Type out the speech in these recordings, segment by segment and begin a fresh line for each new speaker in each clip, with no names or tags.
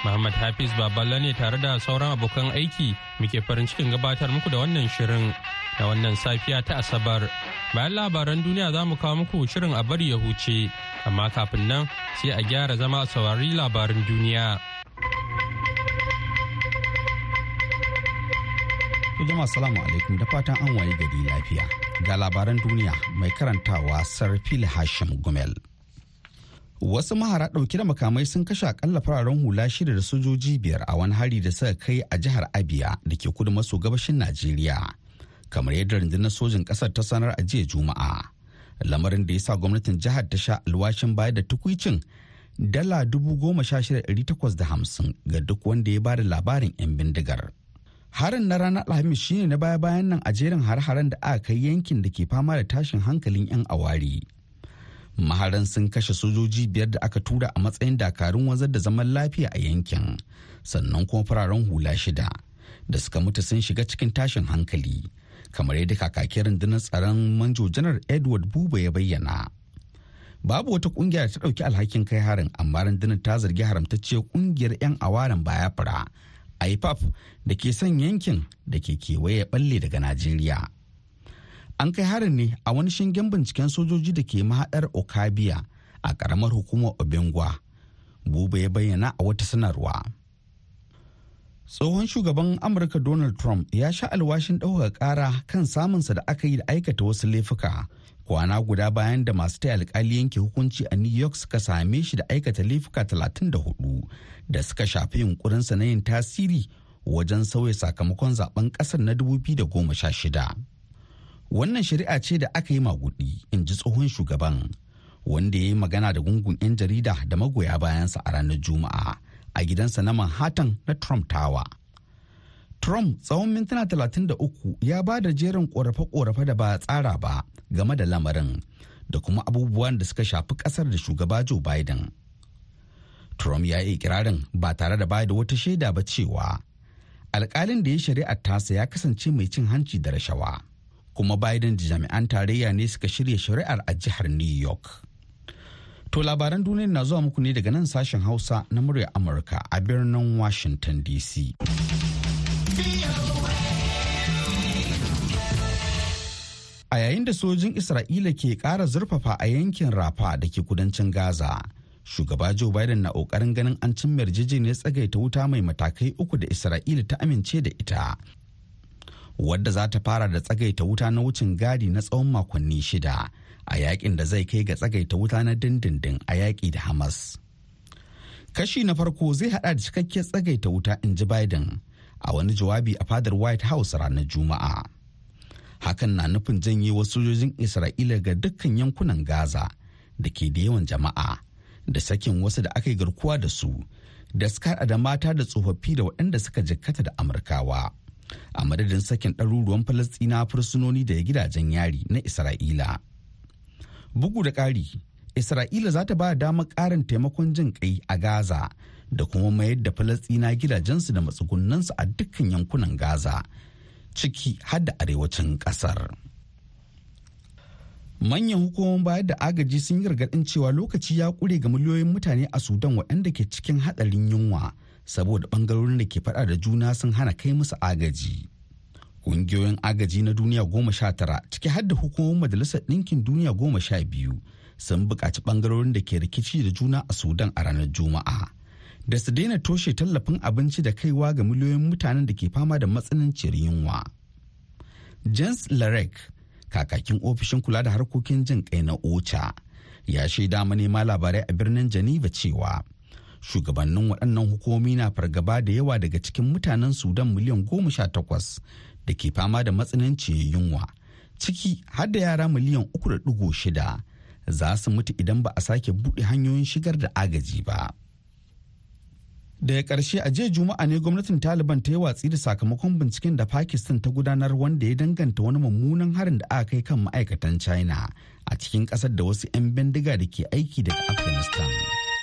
Muhammad Hafiz Baballa ne tare da sauran abokan aiki muke farin cikin gabatar muku da wannan shirin da wannan safiya ta Asabar. Bayan labaran duniya za mu kawo muku shirin a bari ya huce, amma kafin nan sai a gyara zama a saurari labarin duniya.
Jama'a salamu alaikum da fatan an waye gari lafiya. Ga labaran duniya mai karantawa Sarfil Hashim Gumel. wasu mahara ɗauke da makamai sun kashe akalla fararen hula shida da sojoji biyar a wani hari da suka kai a jihar abia da ke kudu maso gabashin najeriya kamar yadda rundunar sojin ƙasar ta sanar a jiya juma'a lamarin da ya sa gwamnatin jihar ta sha alwashin bayar da tukwicin dala dubu goma sha shida ɗari takwas da hamsin ga duk wanda ya bada labarin 'yan bindigar harin na ranar alhamis shine na baya bayan nan a jerin har-haren da aka kai yankin da ke fama da tashin hankalin 'yan awari maharan sun kashe sojoji biyar da aka tura a matsayin dakarun wanzar da zaman lafiya a yankin sannan kuma fararen hula shida da suka mutu sun shiga cikin tashin hankali kamar yadda kakakin rundunar tsaron manjo janar edward buba ya bayyana babu wata kungiya ta ɗauki alhakin kai harin amma rundunar ta zargi haramtacciyar kungiyar 'yan awaran baya fara ipap da ke son yankin da ke kewaye balle daga najeriya an kai harin ne a wani shingen binciken sojoji da ke mahaɗar okabiya a ƙaramar hukumar obingwa buba ya bayyana a wata sanarwa tsohon shugaban amurka donald trump ya sha alwashin ɗaukar ƙara kan samunsa da aka yi da aikata wasu laifuka kwana guda bayan da masu taya alkali yanke hukunci a new york suka same shi da aikata laifuka 34 da suka shafi yunkurinsa na yin tasiri wajen sauya sakamakon zaben ƙasar na 2016 wannan shari'a ce da aka yi maguɗi in ji tsohon shugaban wanda ya yi magana da gungun 'yan jarida da magoya bayansa a ranar juma'a a gidansa na manhattan na trump tower trump tsawon mintuna 33 ya ba da jerin korafe-korafe da ba tsara ba game da lamarin da kuma abubuwan da suka shafi kasar da shugaba joe biden trump ya yi ikirarin ba tare da bai da wata shaida ba cewa alkalin da ya shari'ar tasa ya kasance mai cin hanci da rashawa. kuma biden da jami'an tarayya ne suka shirya shari'ar a jihar new york to labaran duniya na zuwa muku ne daga nan sashen hausa na murya amurka a birnin washington dc a yayin da sojin isra'ila ke kara zurfafa a yankin rafa da ke kudancin gaza shugaba joe biden na kokarin ganin an cimma yarjejeniyar tsagaita wuta mai matakai uku da isra'ila ta amince da ita wadda za ta fara da tsagaita wuta na wucin gadi na tsawon makonni shida a yakin da zai kai ga tsagaita wuta na dindindin a yaƙi da hamas kashi na farko zai hada da cikakkiyar tsagaita wuta in ji biden a wani jawabi a fadar white house ranar juma'a hakan na nufin janye wasu sojojin isra'ila ga dukkan yankunan gaza da ke da yawan jama'a da sakin wasu da aka yi garkuwa da su da suka da mata da tsofaffi da waɗanda suka jikkata da amurkawa a madadin sakin ɗaruruwan falastina fursunoni da gidajen yari na isra'ila bugu da ƙari isra'ila za ta ba damar ƙarin taimakon jin ƙai a gaza da kuma mayar da falastina gidajensu da matsugunansu a dukkan yankunan gaza ciki har da arewacin ƙasar manyan hukumomin bayar da agaji sun yi gargaɗin cewa lokaci ya ƙure ga miliyoyin mutane a sudan waɗanda ke cikin haɗarin yunwa saboda bangarorin da ke fada da juna sun hana kai musu agaji ƙungiyoyin agaji na duniya goma sha tara ciki har da hukumomin majalisar ɗinkin duniya goma sha biyu sun buƙaci bangarorin da ke rikici da juna a sudan a ranar juma'a da su daina toshe tallafin abinci da kaiwa ga miliyoyin mutanen da ke fama da matsananciyar yunwa. Jens Larek, kakakin ofishin kula da harkokin jin kai na OCHA, ya shaida manema labarai a birnin Geneva cewa shugabannin waɗannan hukumomi na fargaba da yawa daga cikin mutanen sudan miliyan goma sha takwas da ke fama da matsanancin yunwa ciki har da yara miliyan uku da ɗigo shida za su mutu idan ba a sake buɗe hanyoyin shigar da agaji ba daga ƙarshe a jiya juma'a ne gwamnatin taliban ta yi watsi da sakamakon binciken da pakistan ta gudanar wanda ya danganta wani mummunan harin da aka kai kan ma'aikatan china a cikin ƙasar da wasu 'yan bindiga da ke aiki daga afghanistan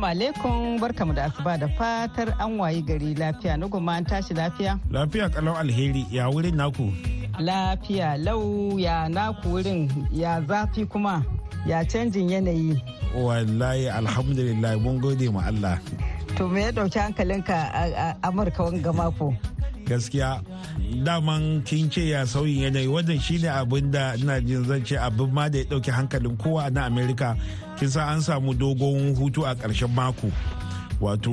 Assalamu alaikum barkamu da asuba da fatar an wayi gari lafiya na goma an tashi lafiya.
Lafiya kalau alheri ya wurin naku.
Lafiya lau ya naku wurin ya zafi
kuma ya canjin yanayi. Wallahi alhamdulillah mun gode ma Allah.
To me ya dauki hankalinka a Amurka wanga mako?
gaskiya daman kin ce ya sauyin yanayi wannan shine abin da ina jin zan ce abin ma da ya dauki hankalin kowa na amerika. Kin sa an samu dogon hutu a ƙarshen mako wato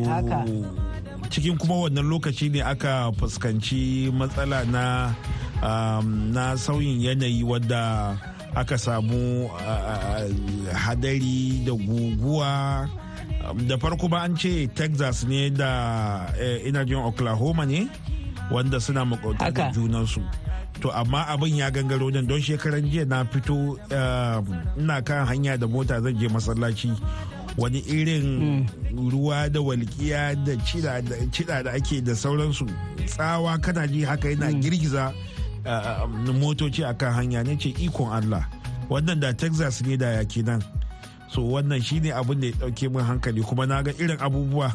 cikin kuma wannan lokaci ne aka fuskanci matsala na um, na sauyin yanayi wadda aka samu hadari da guguwa da farko ba an ce texas ne da eh, inajin oklahoma ne wanda suna makautar da junansu to amma abin ya gangaro nan don shekaran jiya na fito um, ina kan hanya da mota zan je masallaci wani irin hmm. ruwa da walƙiya da cida da ake da sauransu tsawa kana ji haka yana hmm. girgiza um, motoci akan hanya ne ce ikon allah wannan da texas ne da yaki nan so wannan shine abin da ya dauke min hankali kuma na ga irin abubuwa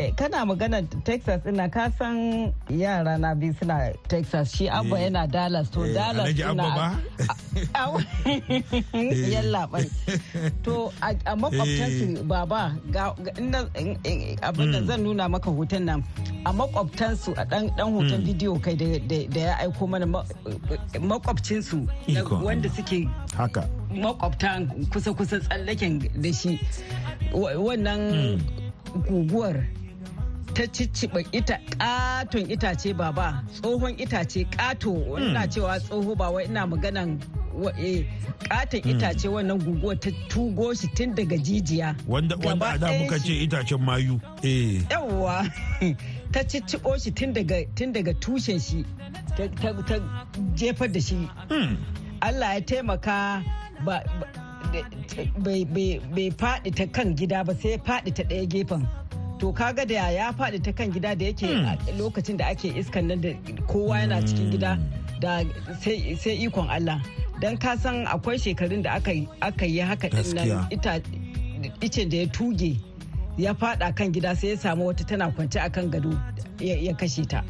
Eh, kana magana texas ina ka san yara na biyu suna texas shi abba eh. yana dallas to eh, dallas suna yalla bai to a makwabtansu baba abin da hmm. zan nuna maka hoton nan a makwabtansu a dan hoton hmm. bidiyo kai da ya aiko mana makwabcinsu wanda suke haka makwabtan kusa-kusa tsallaken da shi wannan hmm. guguwar ta cicciɓa ita katon itace baba tsohon itace ƙato hmm. ina cewa tsoho ba wai ina maganan eh, ƙaton hmm. itace wannan guguwa ta tugo shi tun daga jijiya wanda a da muka ce
itacen mayu eh.
yawwa ta cicciɓo shi tun daga tushen shi ta jefar da shi hmm. allah ya taimaka bai faɗi ta kan gida ba sai faɗi ta ɗaya gefen to kaga da ya faɗi ta kan gida da yake hmm. lokacin da ake iskan nan da kowa yana hmm. cikin gida da sai ikon Allah don kasan akwai shekarun da aka yi haka nan icen da ya tuge ya faɗa kan gida sai ya samu wata tana kwanci a kan gado ya kashe ta.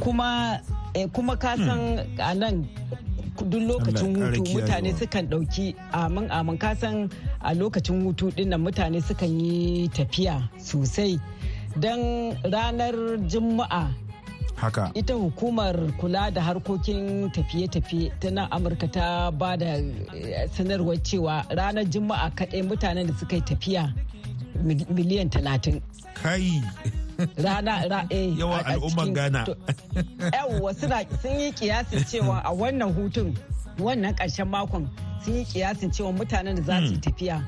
Kuma eh, kuma ka hmm. san a nan duk lokacin hutu mutane sukan ɗauki amin amin kasan a lokacin hutu dinnan mutane sukan yi tafiya sosai don ranar juma'a haka ita hukumar kula da harkokin tafiye-tafiye ta nan amurka ta ba da eh, sanarwar cewa ranar juma'a kaɗai mutanen da suka yi tafiya miliyan talatin kai rana eh, yawa al'umman Ghana. Yawwa suna sun yi kiyasin cewa a wannan hutun wannan ƙarshen makon sun yi kiyasin cewa mutanen da za su hmm. tafiya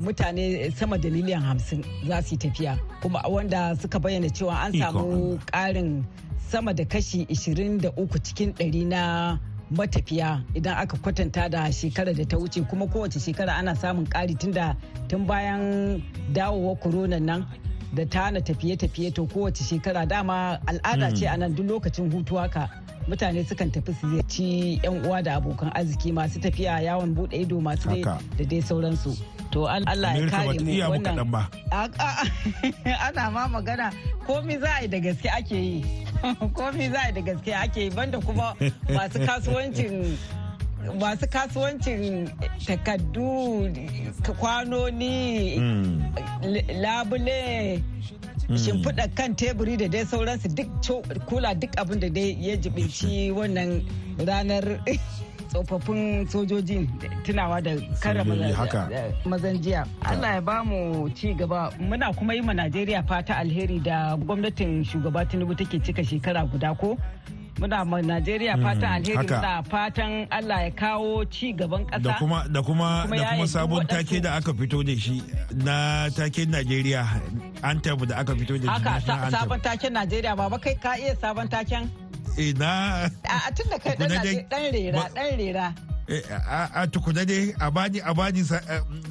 mutane sama da miliyan hamsin za su tafiya kuma wanda suka bayyana cewa an samu ƙarin sama da kashi 23 cikin 100 na matafiya idan aka kwatanta da shekarar da ta wuce kuma kowace shekara ana samun ƙari tun da tun bayan dawowa corona nan da tana tafiye-tafiye to kowace shekara dama al'ada ce hmm. a nan duk lokacin hutu haka mutane sukan tafi su ziyarci yan uwa da abokan arziki masu tafiya yawon bude ido masu dai da dai sauransu to Allah ya kare mu wannan ana ma magana komi za a yi da gaske ake yi komi za a yi da gaske ake yi banda kuma masu kasuwancin masu kasuwancin takaddu kwanoni hmm. labule hmm. shimfiɗa kan teburi da dai sauransu duk kula duk abin da dai ya jibinci wannan ranar tsofaffin sojoji tunawa da karama mazan jiya. Allah ya bamu ci gaba muna kuma yi ma Najeriya fata alheri da gwamnatin shugaba Tinubu take cika shekara guda ko muna ma Najeriya hmm, fatan alheri muna fatan Allah ya kawo ci gaban kasa da kuma da
kuma da kuma sabon take da aka fito da shi na taken Najeriya anthem da aka fito da shi haka sabon
taken Najeriya baba kai ka iya sabon taken
eh na
a tun da kai dan rera dan rera
eh, a tukuna ne a bani a bani eh,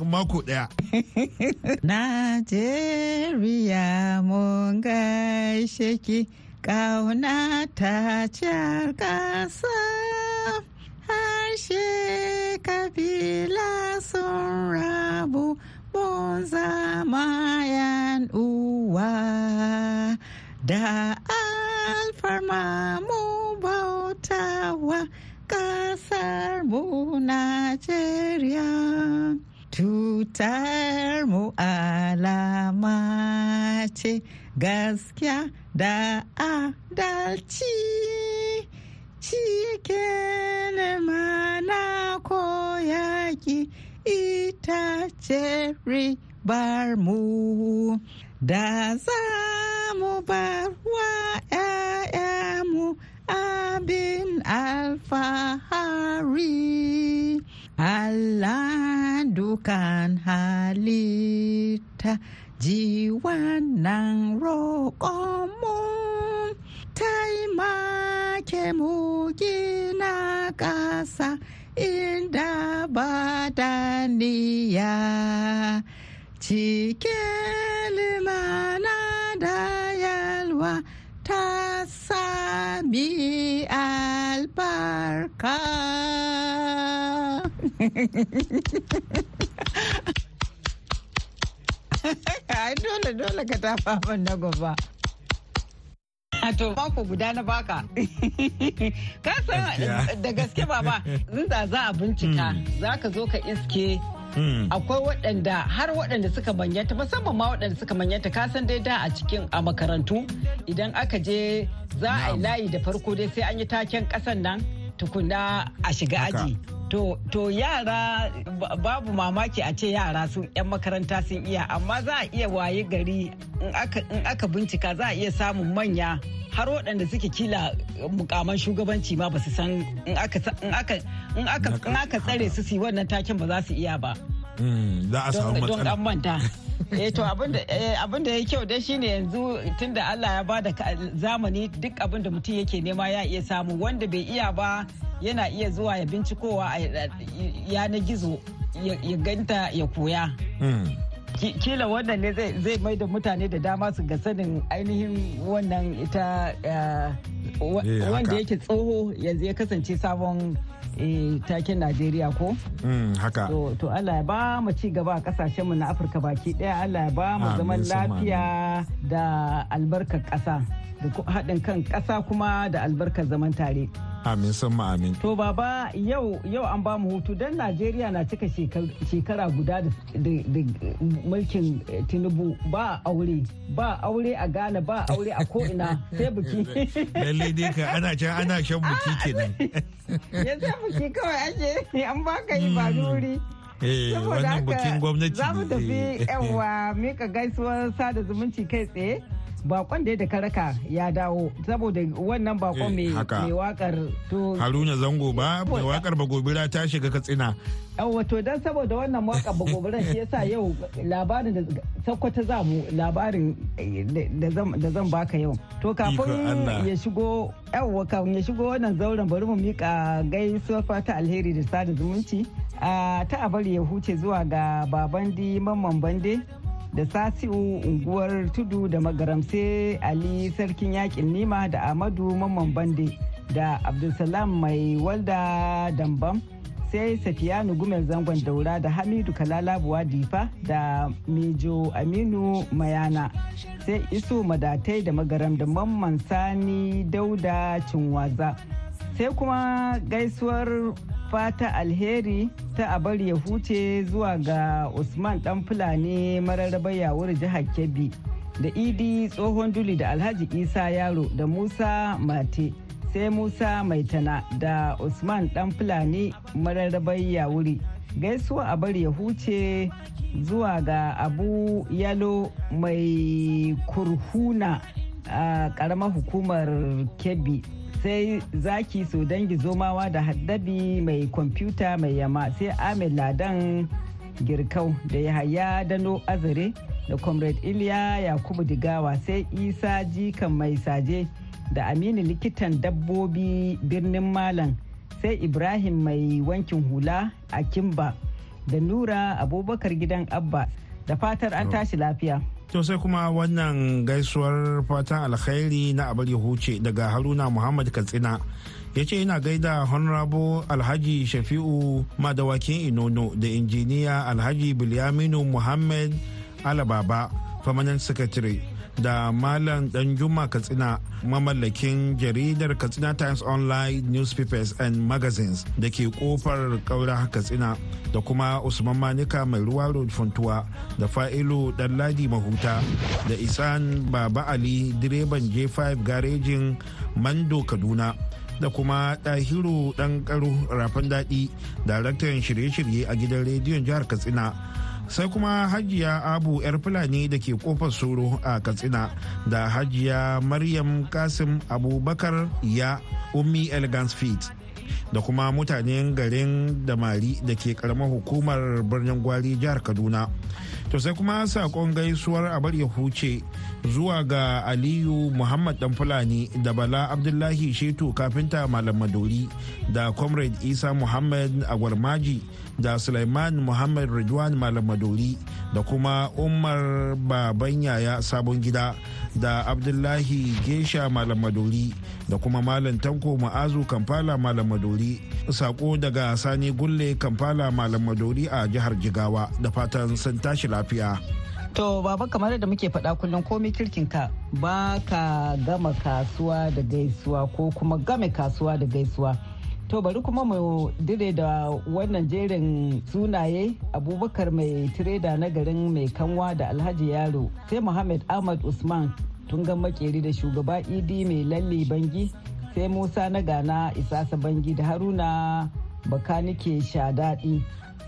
mako daya.
Najeriya mun gaishe ki Ƙauna ta jar ƙasa harshe kabila sun rabu bun zama yan uwa da alfarma mu bautawa ƙasar mu Najeriya. Tutar mu alama ce gaskiya da a dalci ci na koyaki ita ce ribar mu da za mu bar wa mu abin alfahari Allah dukan halitta ji wannan roƙonmu taimake mu gina ƙasa inda ba daniya niyya cikin limana da yalwa ta sami albarka
dole dole ka tafa min na gaba. to mako guda na baka ka san da gaske baba zinda za a bincika hmm. za ka zo ka iske hmm. akwai waɗanda har waɗanda suka manyanta musamman ma waɗanda suka manyanta kasan dai da a cikin a makarantu idan aka je za a yi layi da farko dai sai an yi taken ƙasan nan tukuna a shiga aji To yara babu mamaki a ce yara sun 'yan makaranta sun iya amma za a iya waye gari in aka bincika za a iya samun manya har waɗanda suke kila mukaman shugabanci ma ba su san in aka tsare su su wannan takin ba za su iya ba. Hmm, za eh to abin da eh, ya kyau dai shine yanzu tunda Allah ya ba da zamani duk abin da mutum yake nema ya iya samu wanda bai iya ba yana iya zuwa ya bincikowa a yanar gizo ya ganta ya koya hmm. kila wannan ne zai mai da mutane da dama su ga sanin ainihin wannan ita eh, eh, wanda yake tsoho yanzu ya kasance sabon Eh, taken Najeriya ko?
Mm, haka.
To Allah ya ba mu ci gaba a kasashenmu na Afirka baki daya Allah ya ba mu zaman lafiya da albarkar ƙasa. da haɗin kan ƙasa kuma da albarkar zaman tare.
Amin san amin. To baba
yau yau an ba mu hutu don Najeriya na cika shekara guda da mulkin eh, Tinubu ba aure ba aure a Ghana ba aure a ko'ina sai buki. Lalle
dai ka ana can ana shan biki kenan.
Ya sai buki kawai ake an baka yi ba hmm. nuri.
Eh, Saboda haka za mu tafi yawa
mika gaisuwar sada zumunci kai tsaye. bakon da ya da karaka ya dawo saboda wannan bakon eh, mai wakar to
haruna zango ba mai wakar bagobira ta shiga katsina
to don saboda wannan wakar bagobira shi yasa yau labarin da sakwata za mu labarin eh, da zan baka yau to kafin ya shigo yawwa kafin ya shigo wannan zauren bari mu mika gaisuwar fata alheri da sada zumunci ah, ta abar ya huce zuwa ga baban di mamman bande da sasi'u unguwar tudu da magaramse ali sarkin yakin nima da amadu mamman bande da abdulsalam mai walda dambam sai safiyanu gumel zangon daura da hamidu kalalabuwa difa da mijo aminu mayana sai iso madatai da magaram da mamman sani dauda cinwaza sai kuma gaisuwar fata alheri ta abar ya huce zuwa ga usman dan fulani mararraba yawur jihar kebbi da idi tsohon duli da alhaji isa yaro da musa mate sai musa maitana da usman dan fulani mararraba yawuri gaisuwa a bari ya huce zuwa ga abu yalo mai kurhuna a karamar hukumar kebbi sai zaki so dangi zomawa da haddabi mai kwamfuta mai yama sai amir ladan girkau da yahaya dano azare da comrade iliya yakubu digawa sai isa jikan mai saje da aminu likitan dabbobi birnin malam sai ibrahim mai wankin hula a kimba da nura abubakar gidan abba da fatar an tashi lafiya.
To sai kuma wannan gaisuwar fatan alkhairi na abar huce daga Haruna Muhammad Katsina. ya ce yana gaida honorable alhaji shafi'u madawakin inono da injiniya alhaji bilyaminu muhammad alababa permanent secretary da Malam Danjuma Katsina mamallakin jaridar Katsina Times Online Newspapers and Magazines da ke kofar kaura Katsina da kuma Usman Manika mai ruwa funtuwa da Fa'ilu ladi Mahuta da Isan Baba Ali direban J5 garejin Mando Kaduna. da kuma ɗahiru ɗan ƙaru rafin daɗi daraktan shirye-shirye a gidan rediyon jihar katsina sai kuma hajiya abu yar fulani da ke kofar soro a katsina da hajiya maryam kasim abubakar ya ummi elegance fit da kuma mutanen garin damari da ke karamar hukumar birnin gwari jihar kaduna to sai kuma sakon gaisuwar abar ya huce zuwa ga aliyu muhammad dan fulani da bala abdullahi shetu kafinta malam madori da comrade isa muhammad agwarmaji da Sulaiman Muhammad Ridwan Malam Madori da kuma Umar Baban Yaya Sabon Gida da Abdullahi Gesha Malam Madori da kuma Malam Tanko Ma'azu Kampala Malam Madori sako daga Sani Gulle Kampala Malam Madori a jihar Jigawa da fatan sun tashi lafiya. To baba kamar da muke faɗa kullum komai kirkin ka
ba ka gama kasuwa da gaisuwa ko kuma game kasuwa da gaisuwa. To bari kuma mu dire da wannan jerin sunaye abubakar mai tireda na garin mai kanwa da alhaji yaro sai Muhammad Ahmad Usman tun ga makeri da shugaba idi mai lalle bangi sai Musa na gana isasa bangi da Haruna bakanike daɗi.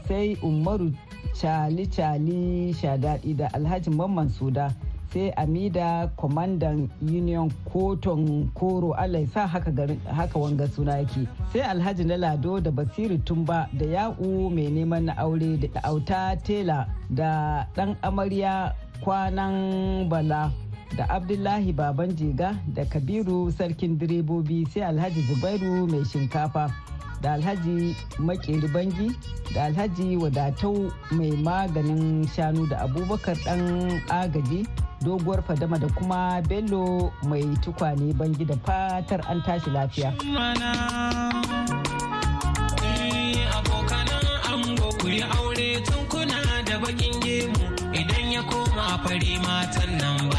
sai umaru cali-cali shadadi da alhaji mamman suda sai amida kwamandan union koton koro allah sa haka, wanga suna yake sai alhaji na lado da basiru tumba da ya'u mai neman na aure da auta tela da ɗan amarya kwanan bala da abdullahi baban jega da kabiru sarkin direbobi sai alhaji zubairu mai shinkafa da alhaji makeri bangi da alhaji wadatau mai maganin shanu da abubakar dan agaji doguwar fadama da kuma bello mai tukwane bangi da fatar an tashi lafiya
eh, aure tun kuna da bakin gemu idan ya koma fari matan nan ba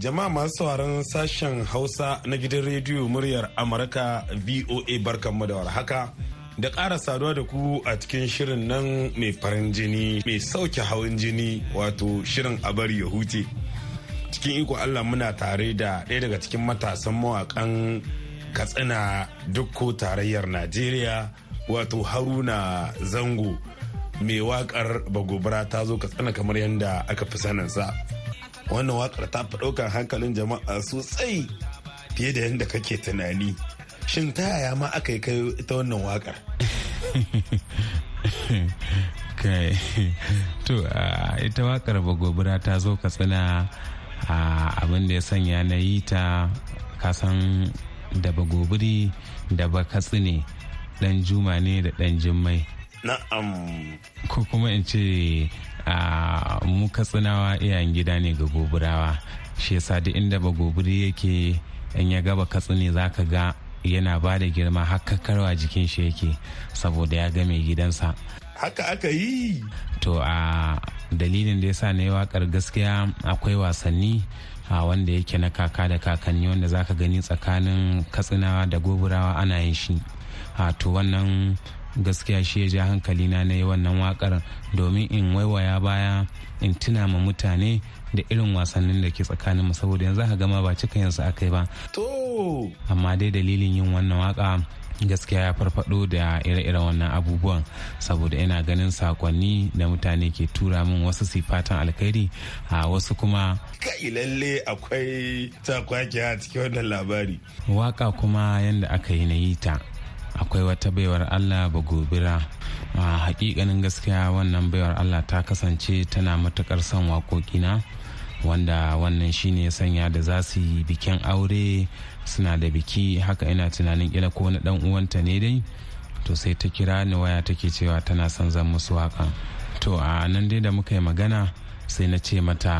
jama'a masu sauraron sashen hausa na gidan rediyo muryar amurka voa mu da warhaka da ƙara saduwa da ku a cikin shirin nan mai farin jini mai sauke hawan jini wato shirin abar ya cikin iko allah muna tare da ɗaya daga cikin matasan mawaƙan katsina dukko tarayyar najeriya wato haruna zango mai wakar bagobara ta zo katsina kamar yadda aka fi saninsa. sa wannan wakar ta fi ɗaukar hankalin jama'a sosai fiye da yadda kake tunani shin ta yaya ma aka yi kayo ita wannan wakar
to ita wakar bagobira ta zo katsina abin da ya sanya na yi ta kasan da bagobiri da bakatsine dan juma ne da dan jimmai na'am ko kuma in ce mu katsinawa iyayen gida ne ga goburawa shi yasa duk inda ba goburi yake in ya gaba ne za ka ga yana ba da girma hakakarwa jikin shi yake saboda ya ga mai gidansa haka aka yi to a dalilin da yasa na yi wakar gaskiya akwai wasanni a wanda yake na kaka da kakanni wanda za ka gani tsakanin katsinawa da goburawa ana yin shi to wannan gaskiya shi ya ja hankali na na yi wannan wakar domin in waiwaya baya in tuna ma mutane da irin wasannin da ke tsakanin mu saboda yanzu haka gama ba cika yansu aka yi ba to amma dai dalilin yin wannan waka gaskiya ya farfado da ire-iren wannan abubuwan saboda ina ganin sakonni da mutane ke tura min wasu sifatan alkhairi a wasu kuma kai lalle akwai takwaki a cikin wannan labari waka kuma yadda aka yi na yi ta akwai wata baiwar allah ba gobira a hakikanin gaskiya wannan baiwar allah ta kasance tana matukar son waƙoƙina wanda wannan shine ya sanya da za su yi bikin aure suna da biki haka ina tunanin ina ko na dan uwanta ne dai to sai ta kira ni waya take cewa tana son zan musu waka to a nan dai da muka yi magana sai na ce mata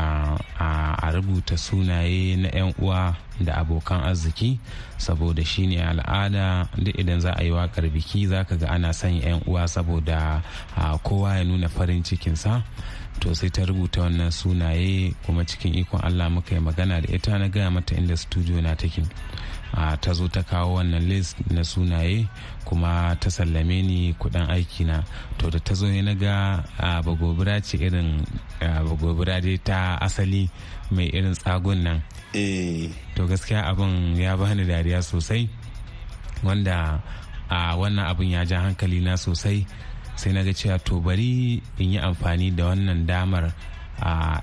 a rubuta sunaye na 'yan uwa da abokan arziki saboda shi ne al'ada duk idan za a yi wakar biki za ka ga ana son 'yan uwa saboda kowa ya nuna farin cikinsa to sai ta rubuta wannan sunaye kuma cikin ikon allah muka yi magana da ita na gaya mata inda studio na take ta zo ta kawo wannan list na sunaye kuma ta sallame ni kudin aiki na to da ta zo ne na ga bagobira ce irin bagobira dai ta asali mai irin tsagun nan eh. to gaskiya abin ya bani dariya sosai wanda a wannan abin ya ja hankali na sosai sai na ga cewa to bari in yi amfani da wannan damar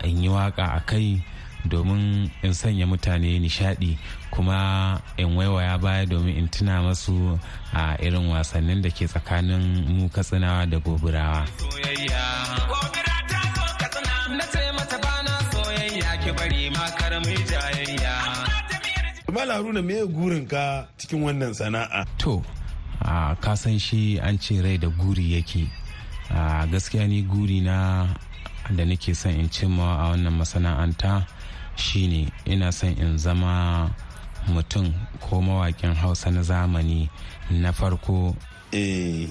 in yi waka a kai domin in sanya mutane nishadi kuma in waiwaya baya domin in tuna masu a irin wasannin da ke tsakanin mu katsinawa da goburawa Mala Haruna me gurin ka
cikin wannan sana'a?
To, ka san shi an ce rai da guri yake. gaskiya ni guri na da nake son in cimma a wannan masana'anta shine ina son in zama mutum ko mawakin hausa na zamani na farko eh.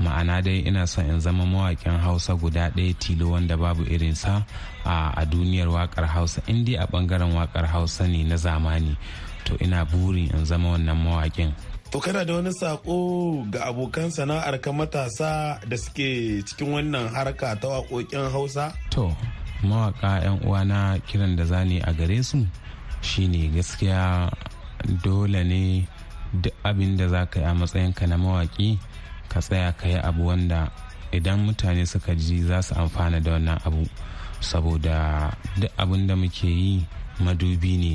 ma'ana dai ina son in zama mawakin hausa guda ɗaya tilo wanda babu irinsa a duniyar wakar hausa indi a bangaren wakar hausa ne na zamani to ina burin in zama wannan mawakin. To kana
da wani sako ga abokan sana'ar ka
matasa da suke cikin wannan
harka ta waƙoƙin Hausa?
To, mawaka 'yan uwana kiran da zani a gare su shine gaskiya dole ne duk abin da za ka yi a matsayinka na mawaki ka tsaya ka yi abu wanda idan mutane suka ji za su amfana da wannan abu saboda duk abin da muke yi madubi ne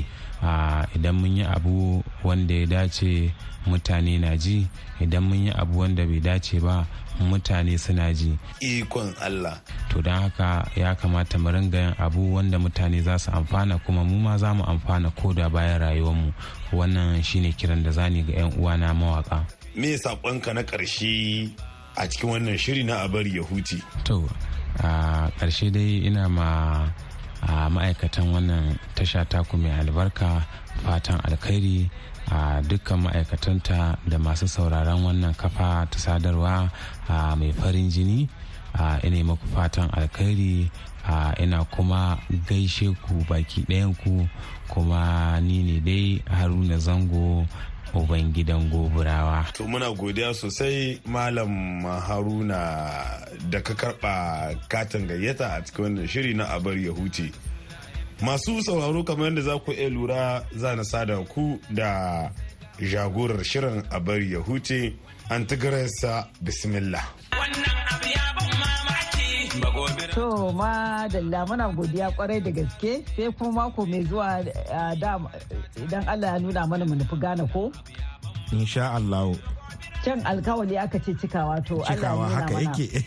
idan mun yi abu wanda ya dace mutane na ji idan mun yi abu wanda bai dace ba mutane suna ji ikon allah to don haka ya kamata mu ringa yin abu wanda mutane za su amfana kuma mu ma za mu amfana ko da bayan mu wannan shine kiran da zani ga 'yan uwana mawaka
me saƙonka na ƙarshe
a cikin wannan shiri na abar ya huce to a ƙarshe dai ina ma a ma'aikatan wannan tasha taku mai albarka fatan alkhairi a dukkan ma'aikatanta da masu sauraron wannan kafa ta sadarwa a mai farin jini a ina maku fatan alkhairi a ina kuma gaishe ku baki ɗayan ku kuma ni ne dai haruna zango uban gidan goburawa. To
muna godiya sosai Malam Haruna da ka karɓa katin gayyata a cikin wannan shiri na abar ya huce. Masu sauraro kamar yadda za ku iya lura za na sada ku da jagorar shirin abar ya huce Antigresa Bismillah.
To ma dalla muna godiya kwarai da gaske sai kuma mako mai zuwa idan Allah ya nuna mana mu nufi gane ko?
Insha Allah.
Can alkawali aka ce cikawa to Allah ya nuna mana. Cikawa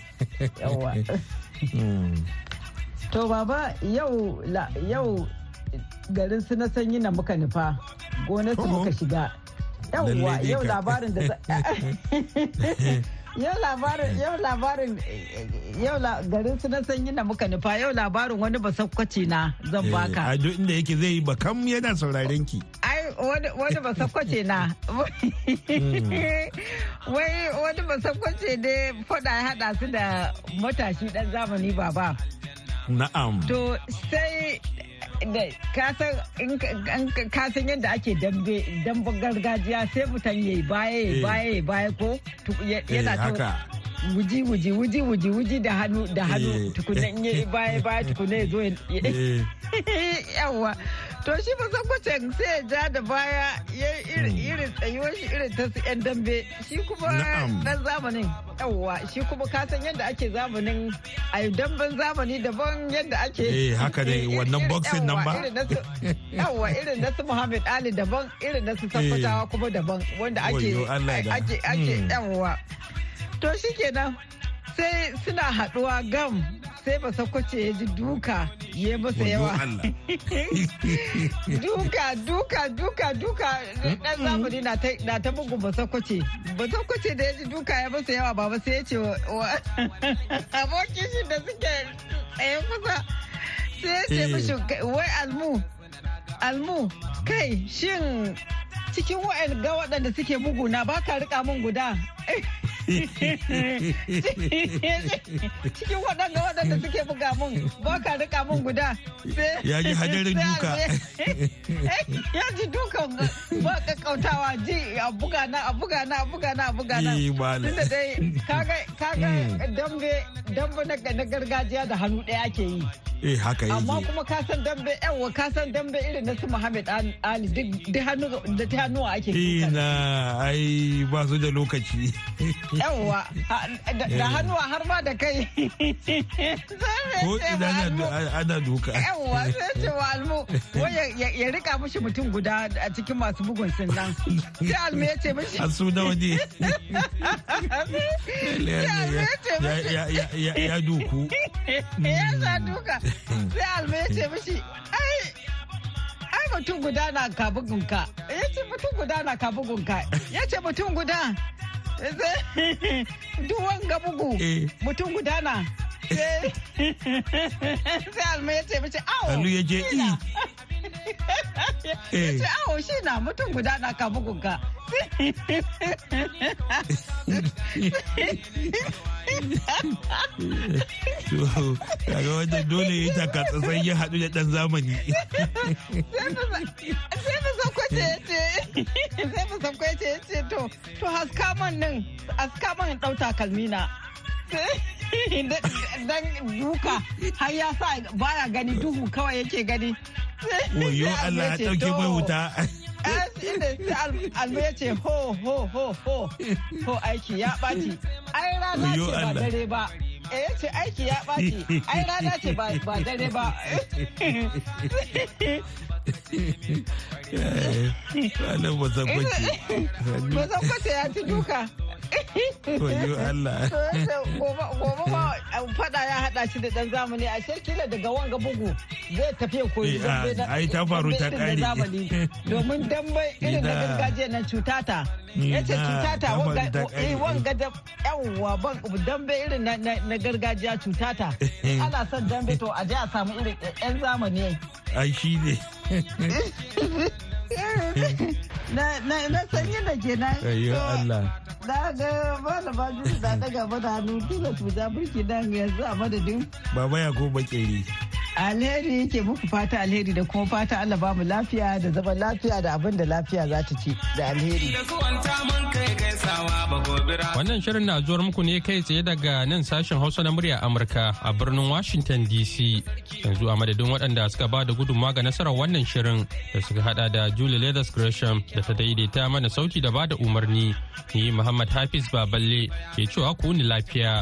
haka yake.
To baba yau yau garin su na sanyi na muka nufa gonar su muka shiga. yau labarin
da
Yau labarin yau labarin eh, yau garin su na sanyi na muka nufa yau labarin wani basakwaci na zan eh, baka. A
duk inda yake zai yi ba kam yana sauraren ki.
Ai wani basakwace na. Hmm. Wai wani basakwace ne fada ya hada su da matashi dan zamani baba. Na'am. To sai ka san yadda ake dambe damben gargajiya sai mutum eh. ya baya ya baya ya baya ko yana ta wuji wuji wuji wuji wuji da hannu da hannu tukunan ya baya baya tukunan ya zo eh. yawa To shi ba zan sai ya ja da baya ya hmm. irin tsayuwar shi irin ta su 'yan dambe shi kuma na zamanin yawwa shi kuma ka san yadda ake zamanin a damben zamani daban yadda ake eh haka ne wannan boxing nan ba yawwa irin na su Muhammad Ali daban irin na su Sanfatawa eh. kuma daban wanda ake ake ake hmm. yawwa to shikenan sai suna haɗuwa gam sai ba sauko ce ya ji duka ya masa yawa duka duka duka duka ɗan zamani na ta bugun ba sauko ce. ba sauko ce da ya ji duka ya masa yawa ba sai ya ce wa abokin shi da suke ya kusa sai ya ce eh. mashi wai almu almu kai shin cikin wa'in ga waɗanda suke muguna ba ka riƙa mun guda cikin waɗanda waɗanda suke buga mun ba ka rika mun guda ya ji hadarin duka eh, ya ji dukan ba kakkautawa ji a buga na a buga na a buga na a buga na eh, tunda dai kaga hmm. dambe dambe na gargajiya da hannu ɗaya ke yi
eh haka yake amma
kuma ka san dambe yawa ka san dambe irin na su Muhammad Ali duk da hannu da ta hannuwa ake eh
na ai ba su da lokaci yawa
da eh. hannuwa har ma da kai ko idan
ana duka yawa sai ce wa
almu ya rika mishi mutum guda a cikin masu bugun sun nan sai almu ya ce mishi a su nawa
ne
ya duku
ya sa duka sai alma ya ce mishi ai ai mutum guda na kabugunka ya ce mutum guda na kabugunka ya ce mutum guda duk ga bugu eh. mutum guda na
sai
alma ya ce mishi awo hannu ya je ce awo shi na mutum guda na ka bugun ka
kaga wannan dole ya taka tsatsan ya haɗu da ɗan zamani
sai mu sakwace ya ce sai mu sakwace ya ce to to haskaman nan haskaman ɗau takalmina dan duka har ya sa baya gani duhu kawai yake gani Oyo Allah ya ɗauke mai wuta. ya ce ho ho ho ho ho aiki ya ɓaci. Ai rana ce ba dare ba. eh ya ce aiki ya
ɓaci ai rana
ce ba dare ba ranar
masakwaci
eh, masakwaci ya ci duka Koyo Allah. Gobe ma um, fada ya hada shi da dan zamani a kila daga wanga bugu zai tafi ya koyi eh, ah, Ai ta faru ta kare. Domin dambe irin na gargajiya na cutata. Ya ce cutata eh, wanga da yawwa dambe irin na na gargajiya cuta ta eh. ana son dambe to a je a samu irin yan zamani
ai shi ne
na sanyi da ke na ayo Allah na ga malama da daga mana hannu to da burki dan yanzu a
madadin baba ya ko bakeri
alheri ke muku fata alheri da kuma fata Allah ba mu lafiya da zaman lafiya da abin da lafiya za ta ci da alheri.
Wannan shirin na zuwar muku ne kai tsaye daga nan sashen Hausa na murya Amurka a birnin Washington DC. Yanzu a madadin waɗanda suka ba da gudunmawa ga nasarar wannan shirin da suka hada da Julie Leathers Gresham da ta daidaita mana sauti da ba da umarni. Ni Muhammad Hafiz Baballe ke cewa ku ni lafiya.